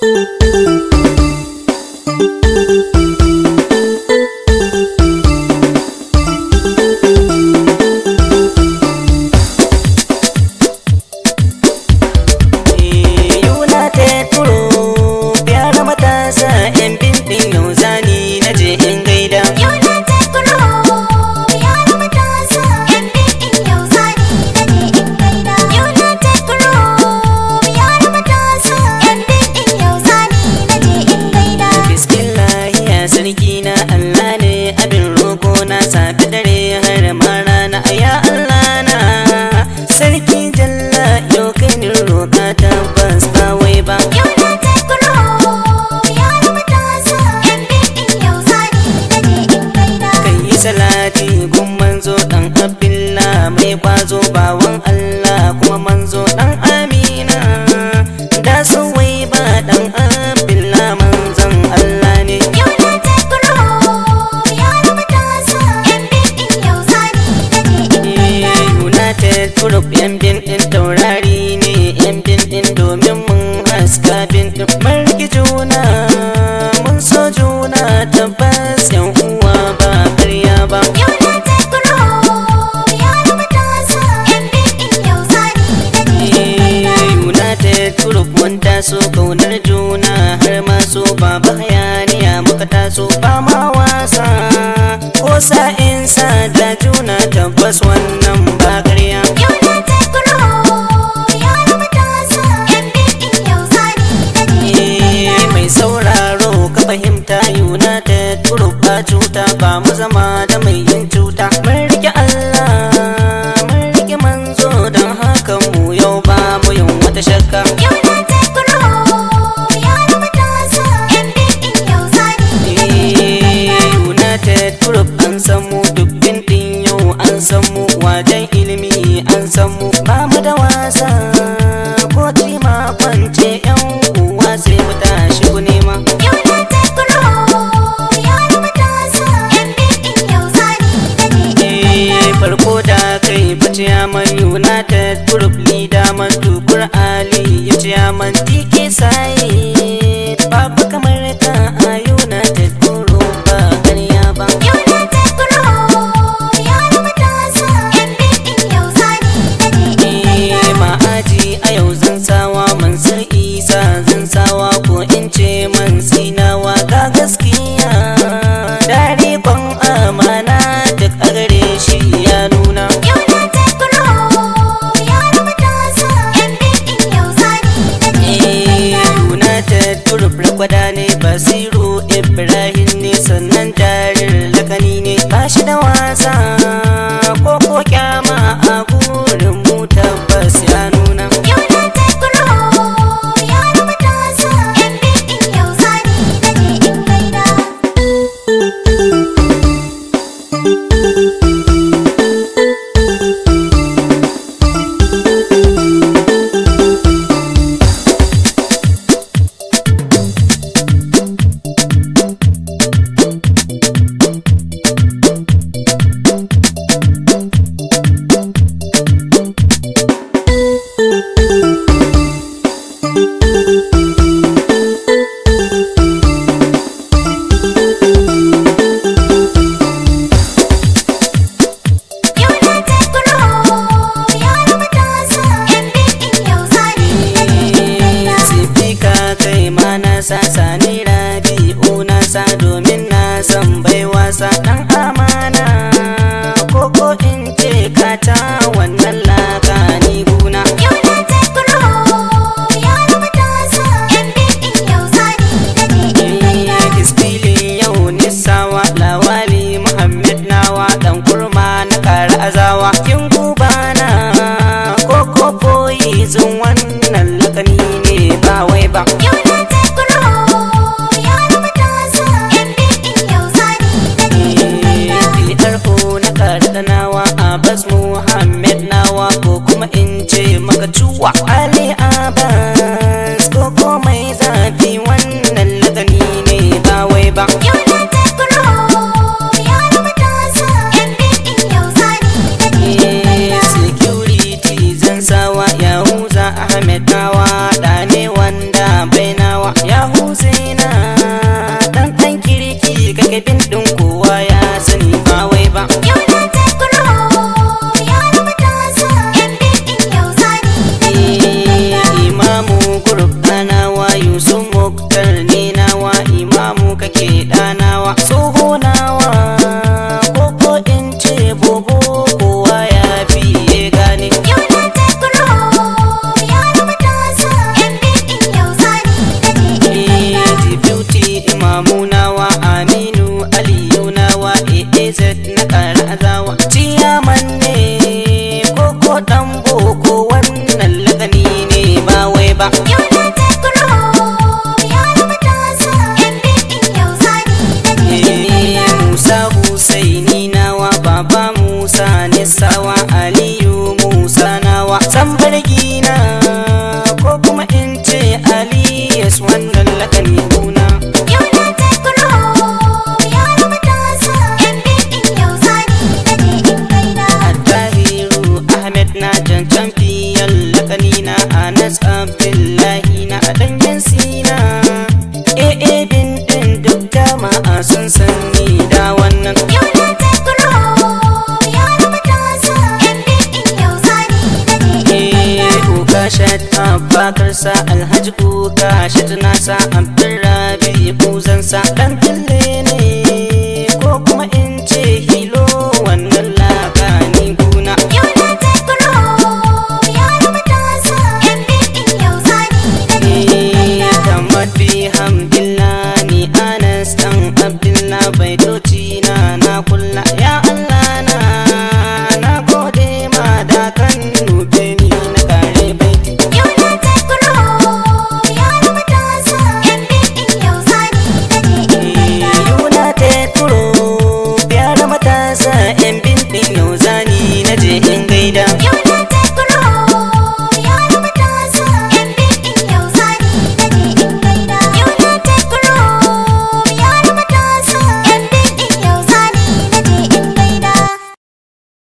Thank you. dan abdullah mai kwazo bawan allah guruf ba cuta ba mu zama da mai yin cuta mun rike Allah mun rike manzo don haka mu yau ba mu yin wata shakka Brasil casal aqui Ahmad Abubakar sa Alhaji Kuka abin sa ko zan sa ɗan talle ne